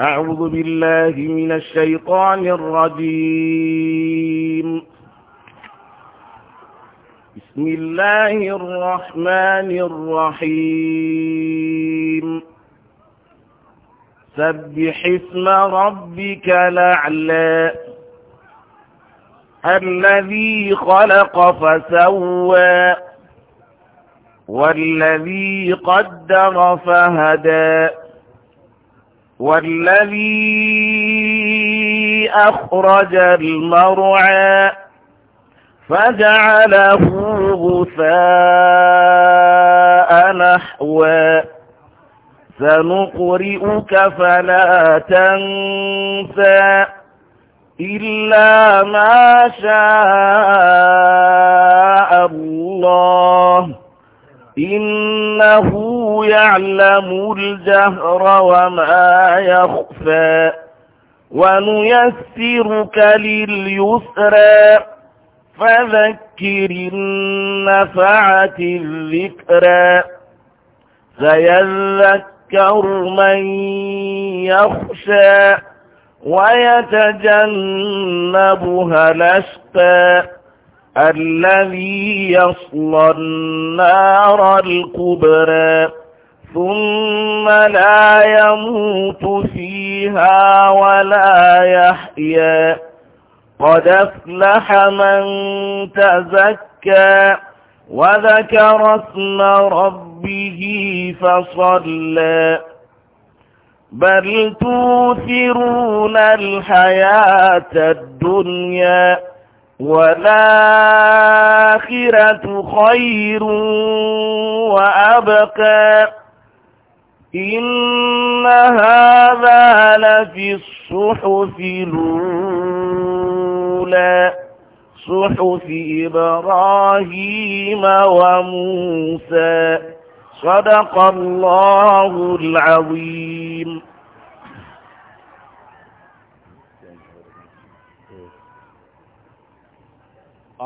أعوذ بالله من الشيطان الرجيم بسم الله الرحمن الرحيم سبح اسم ربك لعلى الذي خلق فسوى والذي قدر فهدى والذي أخرج المرعى فجعله غثاء نحوا سنقرئك فلا تنسى إلا ما شاء الله إنه يعلم الجهر وما يخفى ونيسرك لليسرى فذكر النفعة الذكرى سيذكر من يخشى ويتجنبها الأشقى الذي يصلى النار الكبرى ثم لا يموت فيها ولا يحيا قد افلح من تزكى وذكر اسم ربه فصلى بل توثرون الحياة الدنيا والآخرة خير وأبقى إن هذا لفي الصحف الأولى صحف إبراهيم وموسى صدق الله العظيم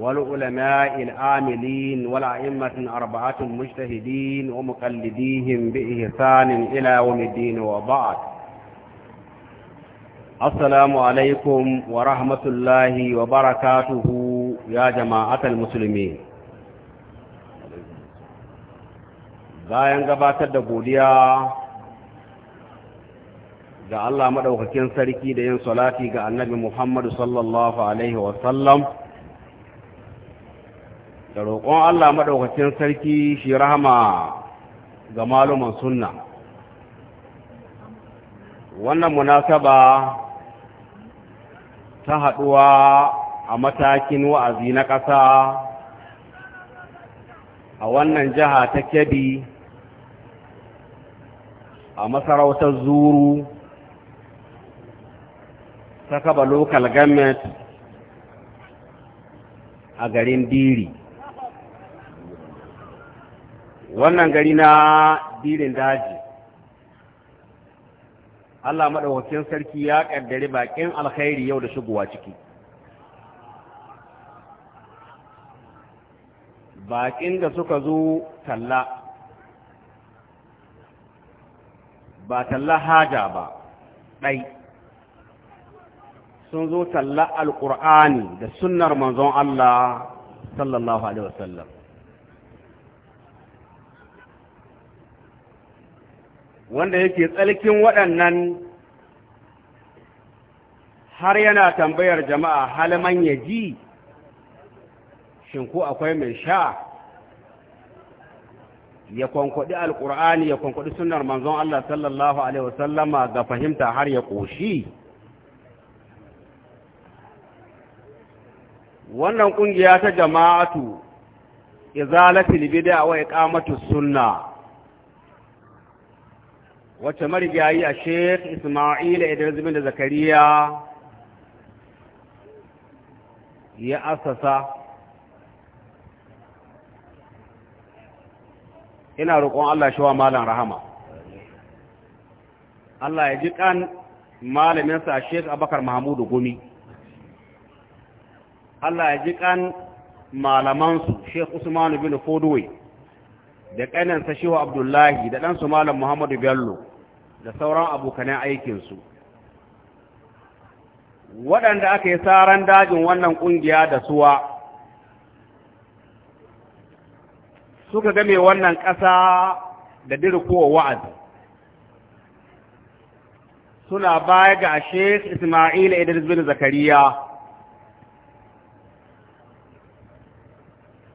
والعلماء العاملين والأئمة أربعة مجتهدين ومقلديهم بإحسان إلى يوم الدين وبعد السلام عليكم ورحمة الله وبركاته يا جماعة المسلمين bayan gabatar da godiya ga Allah madaukakin sarki da yin salati ga Annabi Muhammad sallallahu alaihi wa sallam da roƙon Allah maɗaukacin sarki shi rahama ga maluman sunna wannan munasaba ta haɗuwa a matakin wa'azi na ƙasa a wannan jiha ta kebi a masarautar zuru ta kaba local government a garin diri wannan gari na birin daji Allah maɗaukakin sarki ya ƙaddari baƙin alkhairi yau da shigowa ciki baƙin da suka zo talla ba talla haja ba ɗai sun zo talla alƙur'ani da sunnar manzon Allah sallallahu alaihi wasallam wanda yake tsalkin waɗannan har yana tambayar jama'a halman ya ji shin ko akwai mai sha ya kwankwaɗi alƙur'ani ya kwankwaɗi sunar manzon Allah sallallahu Alaihi wasallama ga fahimta har ya ƙoshi wannan ƙungiya ta jama'atu izalatul bid'a wa iqamatus sunna wacce marigayi a sheikh ismail idris da zakariya ya asasa ina roƙon Allah shi wa malam rahama Allah ya ji kan malaminsa sheikh abakar mahamudu gumi Allah ya ji ƙan malamansu sheikh usmanu bin fodowai da ƙaninsa shiwa abdullahi da ɗansu malam muhammadu bello da sauran abokanen aikinsu waɗanda aka yi saran dajin wannan ƙungiya da suwa suka game wannan ƙasa da dirkowa wa'azi suna baya ga sheikh ismail idris bin zakariya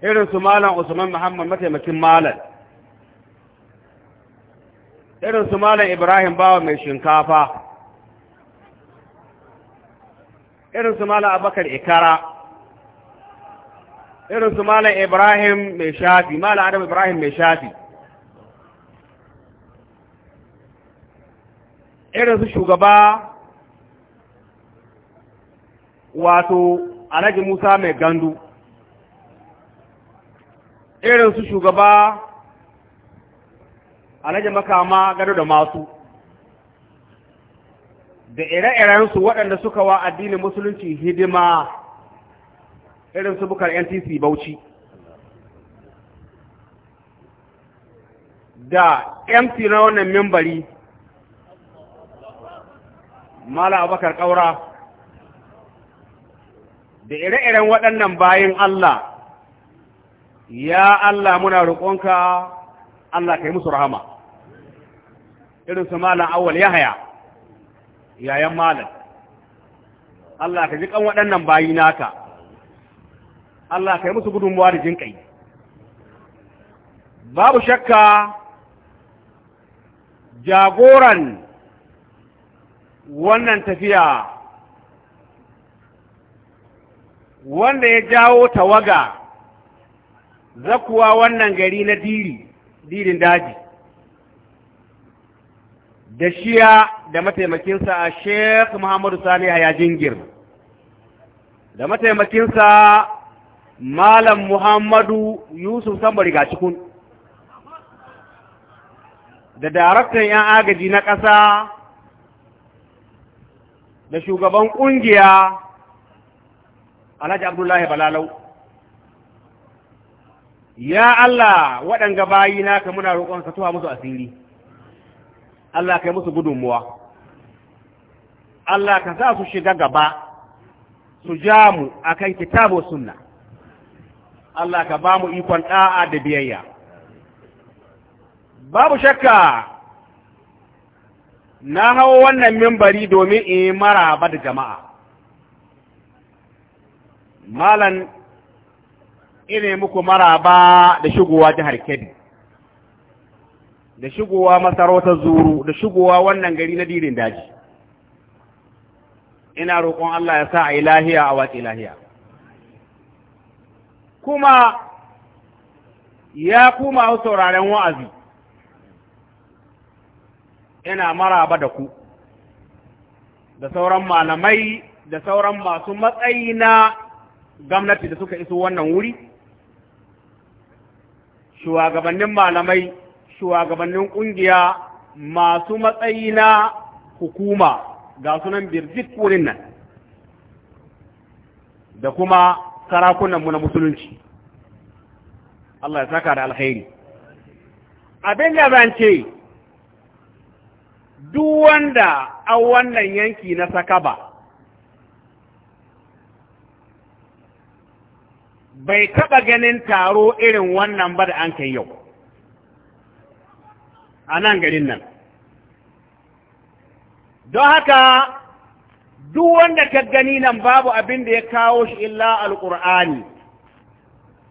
irin su malam usman muhammad mataimakin malam irin su malam ibrahim bawa mai shinkafa irin su malam abakar ikara irin su malam ibrahim mai shafi malam adam ibrahim mai shafi irin su shugaba wato alhaji musa mai gandu irin su shugaba A alhaji makama gado da masu da ire-irensu waɗanda suka wa addinin musulunci hidima irin su bukar ntc bauchi da mc na wannan mimbari mala abakar ƙaura da ire-iren waɗannan bayan Allah ya Allah muna roƙonka Allah ka yi musu rahama irin su malam ya yahaya yayan malam Allah ka ji kan waɗannan bayi naka Allah ka yi musu gudunmuwa da jinƙai babu shakka jagoran wannan tafiya wanda ya jawo tawaga zakuwa wannan gari na diri dirin daji da shiya da mataimakinsa a sheikh muhammadu sani haya jingir da mataimakinsa malam muhammadu yusuf ga cikin da daraktan 'yan agaji na ƙasa da shugaban ƙungiya alhaji abdullahi balalau ya Allah waɗanga bayina ka muna roƙon ka tuwa musu asiri Allah ka yi musu gudunmuwa Allah ka za su shiga gaba su ja mu akan kitabu suna, Allah ka ba mu ikon ɗa'a da biyayya babu shakka na hawo wannan mimbari domin in ba da jama'a malan ine muku maraba da shigowa jihar Kebbi da shigowa masarautar zuru da shigowa wannan gari na dirin daji ina roƙon Allah ya sa a yi lahiya a watsi lahiya kuma ya kuma sauraren wa'azi ina maraba da ku da sauran malamai da sauran masu matsayi na gwamnati da suka iso wannan wuri shugabannin malamai shugabannin ƙungiya masu matsayi na hukuma ga sunan birjit wurin nan da kuma sarakunanmu na musulunci Allah ya saka da alkhairi abin da zan ce duk wanda a wannan yanki na sakaba bai taɓa ganin taro irin wannan ba da an kai yau a nan garin nan don haka duk wanda ka gani nan babu abin da ya kawo shi illa alƙur'ani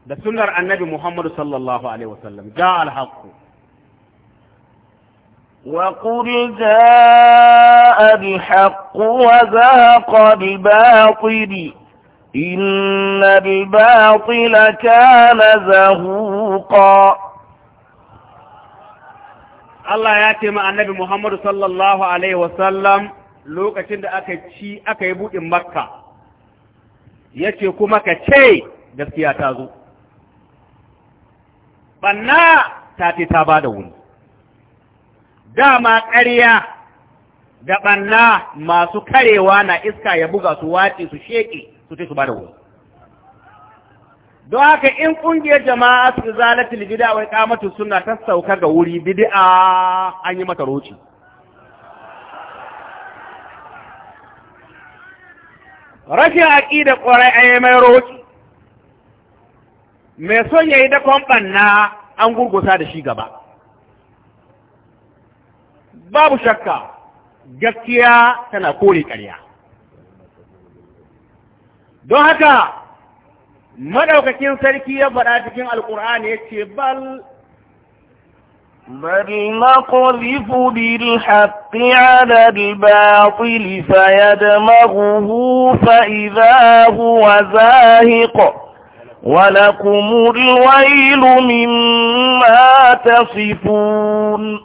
da sunnar annabi muhammadu sallallahu alaihi wasallam ja alhaqqu وقل جاء الحق وزهق الباطل إن الباطل كان زهوقا Allah ya ce ma annabi Muhammadu sallallahu alaihi wasallam lokacin da aka ci aka yi buɗin makka ya ce kuma ka ce gaskiya ta zo banna ta ce ta ba da dama ƙarya da banna masu karewa na iska ya buga su wace su sheƙe su ce su ba da don haka in ƙungiyar jama'a su zalatul bid'a wa ƙamatu sunna ta sauka ga wuri bid'a an yi mata roci rashin aqida ƙorai a yi mai roci mai son yayi da kwamfanna an gurgusa da shi gaba babu shakka gaskiya tana kore ƙarya don haka madaukakin sarki ya faɗa cikin alkur'ani ya ce bal Barina kori fuɗi haƙƙi adadin baƙwili faya da mahuhu fa’iza huwa wala kumuri wa ma ta sifun.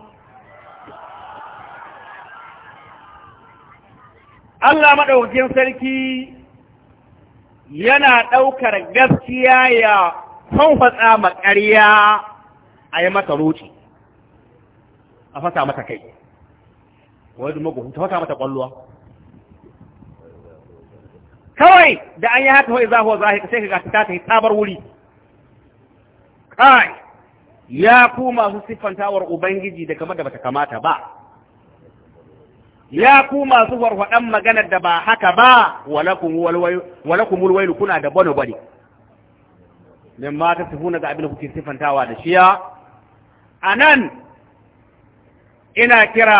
Allah maɗaukakin sarki yana ɗaukar gaskiya ya fasa makarya a yi mata roci a fasa mata kai wadda maguhu ta fasa mata ƙwalluwa kawai da an yi haka wai za huwa zahi sai ka ta ta yi tabar wuri kai ya ku masu siffantawar ubangiji da kamar da bata kamata ba ya ku masu warwaɗan maganar da ba haka ba walakumul wailu kuna da bano bane min ma ta sifuna ga abin da kuke sifantawa da shiya anan ina kira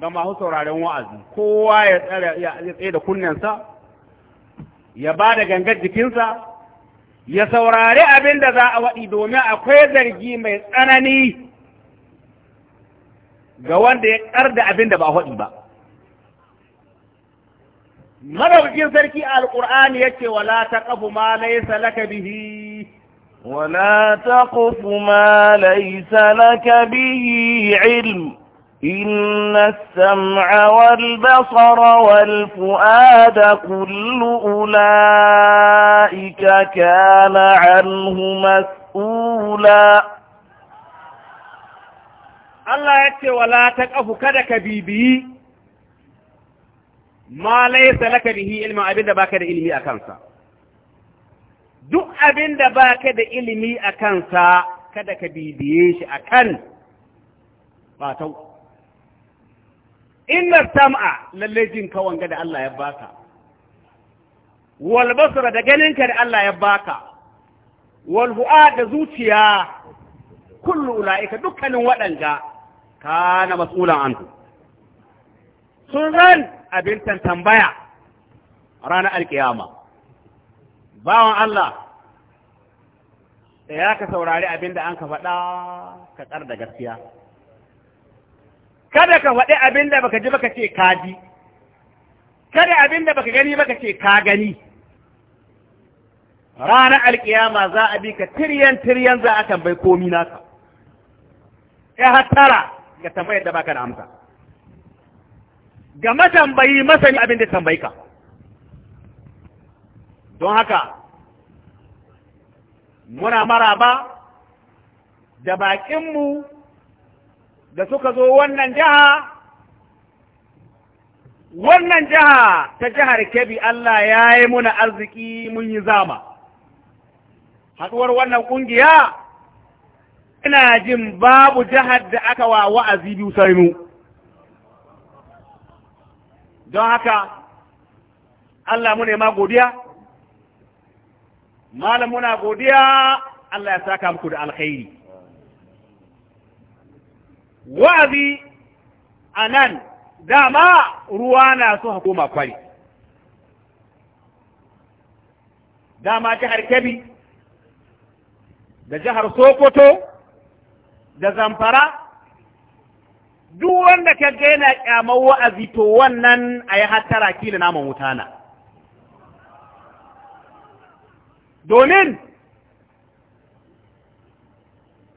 ga masu sauraron wa'azi kowa ya tsare ya tsaye da kunnensa ya ba da gangar jikinsa ya saurari abin da za a waɗi domin akwai zargi mai tsanani ga wanda ya ƙar da abin da ba a waɗi ba madaukakin sarki alqur'ani yace wala taqafu ma laysa laka bihi wala taqfu ma laysa laka bihi ilm إن السمع والبصر والفؤاد كل أولئك كان عنه مسؤولا الله يكتب ولا تقف كدك بيبي ma laysa laka bihi ilma abinda baka da ilimi a kansa duk abinda baka da ilimi a kansa kada ka bibiye shi akan batau inna sam'a lalle jin ka da Allah ya baka wal basra da ganinka da Allah ya baka wal fu'ad da zuciya kullu ulaika dukkanin waɗanda kana mas'ulan anhu sun ran abin tambaya ranar alkiyama bawan Allah ya ka saurari abin da an ka faɗa ka tsar da gaskiya kada ka faɗi abin da baka ji baka ce ka ji kada abin da baka gani baka ce ka gani ranar alkiyama za a bi ka tiryan tiryan za a tambayi komi naka ya hattara ga tambayar da baka da amsa ga matambayi masani abin da tambayi ka don haka muna mara ba da baƙinmu da suka zo wannan jiha wannan jiha ta jihar kebbi Allah ya yi muna arziki mun yi zama haɗuwar wannan ƙungiya ina jin babu jihar da aka wa wa'azi biyu sai mu don haka Allah mu ne ma godiya malam muna godiya Allah ya saka muku da alkhairi wa'azi anan dama ruwa na so koma kwari dama jihar Kebbi da jihar Sokoto da Zamfara duk wanda ka ga yana kyamar wa'azi to wannan a yi hattara kila naman wuta na domin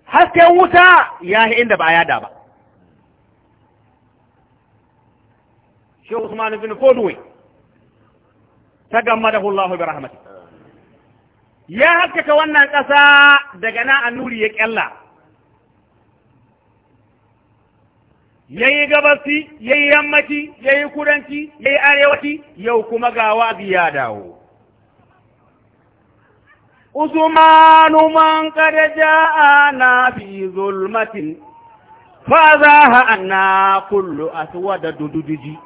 hasken wuta ya yi inda ba yada ba shi usman bin fodwe ta gamma da hullahu bi rahmati ya haskaka wannan ƙasa daga na annuri ya ƙyalla yayi yi gabasi ya yammaci yayi yi kudanci ya yi arewaci yau kuma ga wazi ya dawo usmanu man kada ja'ana fi zulmatin fa zaha anna kullu aswada dududiji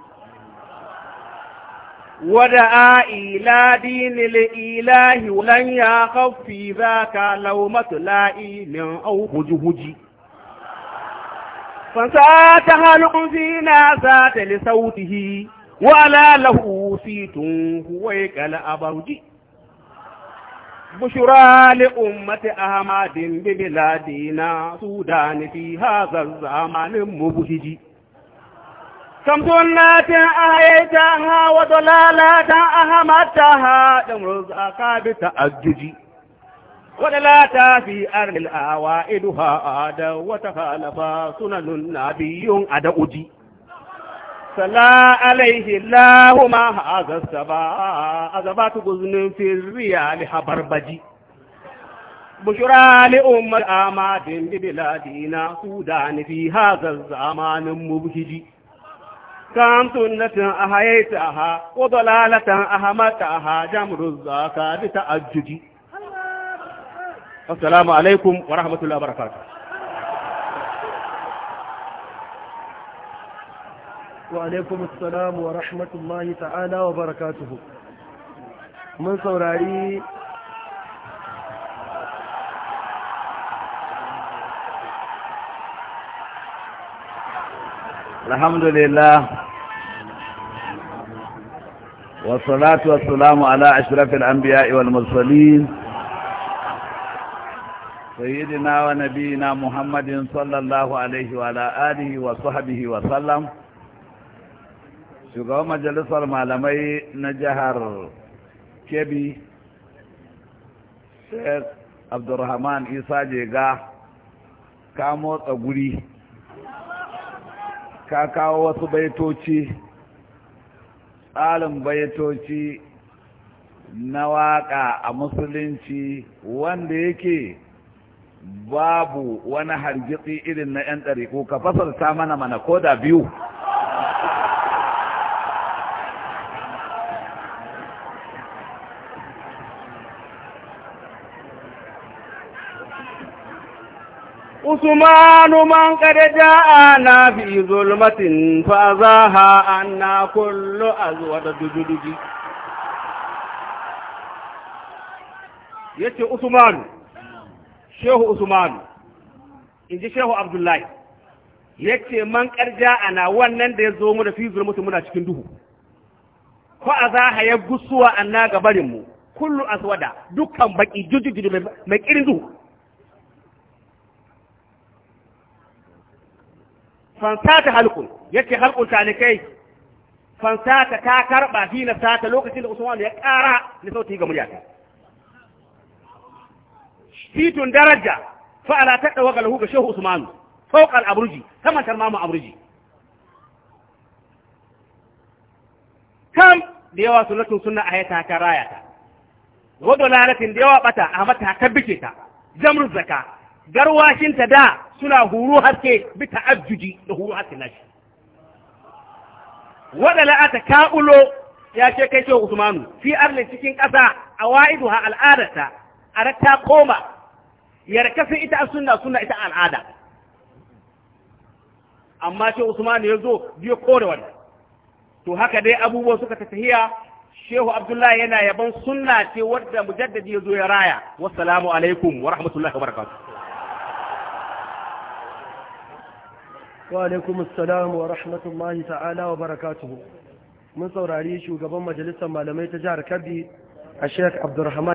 ودعا إلى دين ya ولن يخف في ذاك لومة min أو هجهجي فسات هلق فينا سات لصوته ولا له سيت هو يكال أبرجي بشرى لأمة أحمد ببلادنا سودان في هذا الزمان المبهجي كم سنة أهيتها وضلالة أهمتها دمرز أكابت أججي ولا تافي أرن الأوائد هادا وتخالف سنن النبي أدعودي صلى عليه الله ما هذا السبا أزبات غزن في الريال حبربجي بشرى لأم الأمات ببلادنا سودان في هذا الزمان مبهجي كم سنة أحييتها وضلالة أهمتها جمر الزكاة بتأججي السلام عليكم ورحمة الله وبركاته وعليكم السلام ورحمة الله تعالى وبركاته من صوراري الحمد لله والصلاة والسلام على أشرف الأنبياء والمرسلين سيدنا ونبينا محمد صلى الله عليه وعلى آله وصحبه وسلم شكرا مجلس المعلمي نجهر كبي شيخ عبد الرحمن إيسا جيغا كاموت أقولي كاكاو وسبيتوشي tsarin baitoci na waƙa a musulunci wanda Babu wani hargitsi irin na ƴan ɗari, ko ka fasarta mana mana, ko da biyu? Usmanu man ka da da'a na fiye da zolmatin, fa'adaha ana kulla a waɗanda duduɗi. Ya ce shehu usmanu in ji shehu abdullahi ya ce man ƙarja ana wannan da ya zo mu da fi zulmutu muna cikin duhu ko a za ha ya gusuwa anna ga mu kullu aswada dukkan baki jujjujuju mai kirin duhu fansata halkun yace halkun ta kai fansata ta karba fi na sata lokacin da usman ya ƙara ni sauti ga muryata hitun daraja fa'ala ta dawa galahu ga shehu usman fawqa al-abruji kama tarmamu abruji kam da yawa sunnatun sunna ayata ta rayata wa dalalatin da yawa bata amma ta kabbike ta jamru zakka garwashin ta da suna huru haske bi ta'ajjuji da huru haske nashi wadala ata kabulo ya ce kai shehu usmanu fi arne cikin kasa awaiduha al'adata a ta koma yarkasin ita a sunna ita al'ada amma ce usman ya zo biyo kore wannan to haka dai abubuwa suka tafiya shehu abdullahi yana yaban suna ce wadda mujaddadi ya zo ya raya wassalamu alaikum wa rahmatullahi wa barakatuh wa alaikum assalam wa rahmatullahi ta'ala wa barakatuh mun saurari shugaban majalisar malamai ta jihar Kebbi a Sheikh Abdulrahman